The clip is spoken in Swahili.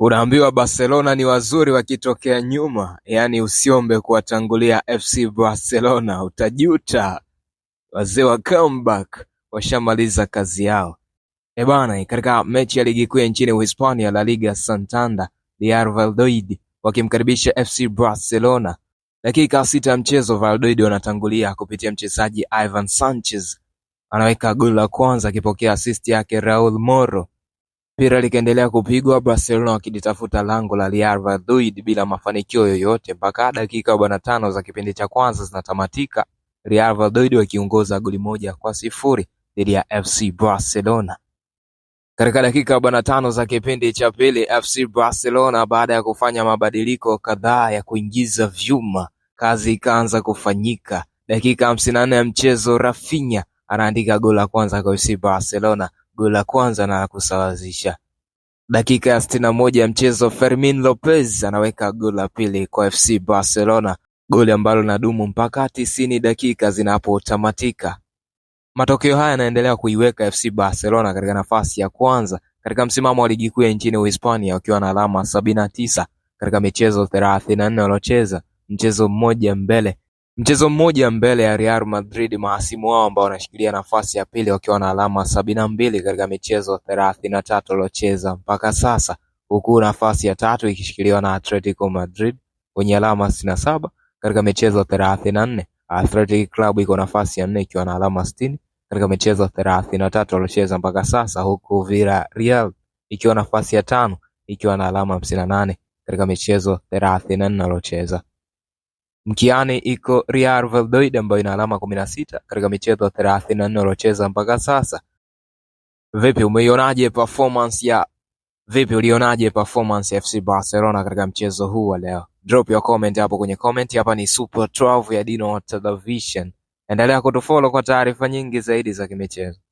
unaambiwa barcelona ni wazuri wakitokea nyuma yaani usiombe kuwatangulia fc barcelona utajuta wazee wa comeback washamaliza kazi yao ebana katika mechi ya ligi kuu ya nchini uhispania la liga santander real valdoid wakimkaribisha fc barcelona dakika sita ya mchezo valdoid wanatangulia kupitia mchezaji ivan sanchez anaweka goli la kwanza akipokea asisti yake raul moro Mpira likaendelea kupigwa Barcelona wakilitafuta lango la Real Madrid bila mafanikio yoyote mpaka dakika 45 tano za kipindi cha kwanza zinatamatika Real Madrid wakiongoza goli moja kwa sifuri dhidi ya FC Barcelona. Katika dakika 45 tano za kipindi cha pili FC Barcelona baada ya kufanya mabadiliko kadhaa ya kuingiza vyuma, kazi ikaanza kufanyika. Dakika 54 ya mchezo Rafinha anaandika goli la kwanza kwa FC Barcelona goli la kwanza na kusawazisha dakika ya sitini na moja ya mchezo Fermin Lopez anaweka goli la pili kwa FC Barcelona, goli ambalo linadumu mpaka tisini dakika zinapotamatika. Matokeo haya yanaendelea kuiweka FC Barcelona katika nafasi ya kwanza katika msimamo wa ligi kuu ya nchini Uhispania wakiwa na alama sabini na tisa katika michezo thelathini na nne waliocheza, mchezo mmoja mbele mchezo mmoja mbele ya Real Madrid mahasimu wao ambao wanashikilia nafasi ya pili wakiwa na alama sabini na mbili katika michezo thelathini na tatu waliocheza mpaka sasa, huku nafasi ya tatu ikishikiliwa na Atletico Madrid wenye alama sitini na saba katika michezo thelathini na nne. Athletic Club iko nafasi ya nne ikiwa na alama sitini katika michezo thelathini na tatu waliocheza mpaka sasa, huku Villarreal ikiwa nafasi ya tano ikiwa na alama hamsini na nane katika michezo thelathini na nne waliocheza. Mkiani iko Real Valladolid ambayo ina alama kumi na sita katika michezo thelathini na nne waliocheza mpaka sasa. Vipi umeionaje performance ya vipi ulionaje performance ya FC Barcelona katika mchezo huu wa leo? Drop your comment hapo kwenye comment. Hapa ni Super 12 ya Dino Television. Endelea kutufollow kwa taarifa nyingi zaidi za kimichezo.